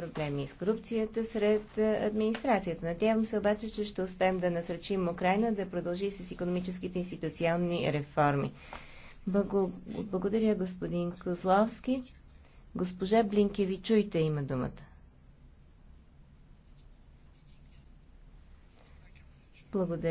проблеми с корупцията сред администрацията. Надявам се обаче, че ще успеем да насръчим Украина да продължи с економическите институционални реформи. Благодаря, господин Козловски. Госпожа Блинкеви, чуйте, има думата. Благодаря.